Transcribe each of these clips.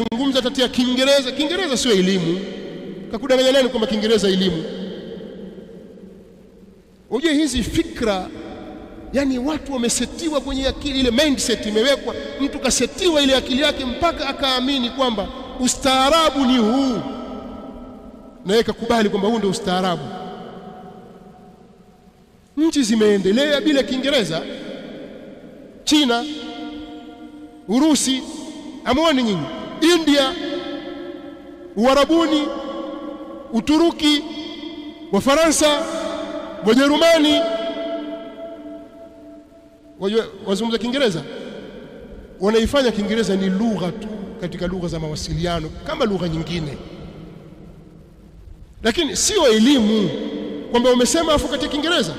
ukizungumza tatia Kiingereza, Kiingereza sio elimu. Kakudanganya nani kwamba Kiingereza elimu? Unajua hizi fikra, yani watu wamesetiwa kwenye akili ile, mindset imewekwa, mtu kasetiwa ile akili yake mpaka akaamini kwamba ustaarabu ni huu, na yeye kakubali kwamba huu ndio ustaarabu. Nchi zimeendelea bila Kiingereza, China, Urusi, amuoni nyinyi India, Uarabuni, Uturuki, Wafaransa, Wajerumani wazungumza Kiingereza, wanaifanya Kiingereza ni lugha tu katika lugha za mawasiliano kama lugha nyingine, lakini sio elimu kwamba umesema afu katika Kiingereza.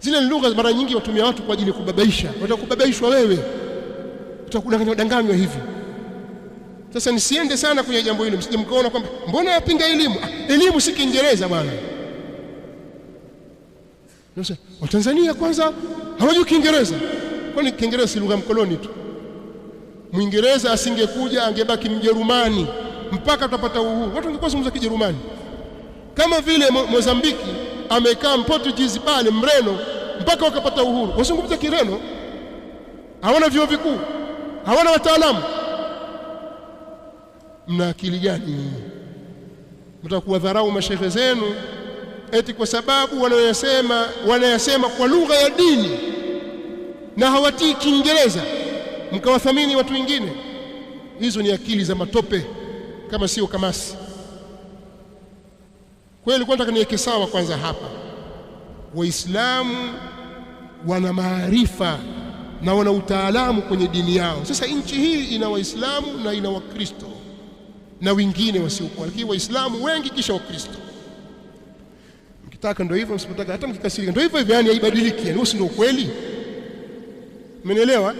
Zile lugha mara nyingi watumia watu kwa ajili ya kubabaisha, watakubabaishwa wewe, utakudanganywa danganywa hivi sasa nisiende sana kwenye jambo hili, msije mkaona kwamba mbona yapinga elimu. Ah, elimu si Kiingereza bwana. Watanzania kwanza hawajui Kiingereza, kwani Kiingereza si lugha mkoloni tu? Mwingereza asingekuja angebaki Mjerumani mpaka tutapata uhuru, watu wangekuwa wazungumza Kijerumani. Kama vile mo, Mozambiki amekaa jizi pale Mreno mpaka wakapata uhuru, wazungumza Kireno. Hawana vyuo vikuu, hawana wataalamu mna akili gani? Mtakuwa dharau mashehe zenu eti kwa sababu wanayosema wanayasema kwa lugha ya dini na hawatii Kiingereza, mkawathamini watu wengine. Hizo ni akili za matope, kama sio kamasi. Kweli hiyo nataka niweke sawa kwanza hapa, Waislamu wana maarifa na wana utaalamu kwenye dini yao. Sasa nchi hii ina Waislamu na ina Wakristo na wengine wasiokuwa, lakini Waislamu wengi kisha Wakristo. Mkitaka ndio hivyo, msipotaka hata mkikasirika ndio hivyo hivyo, yani haibadiliki, yani usi ndio ukweli, umenielewa?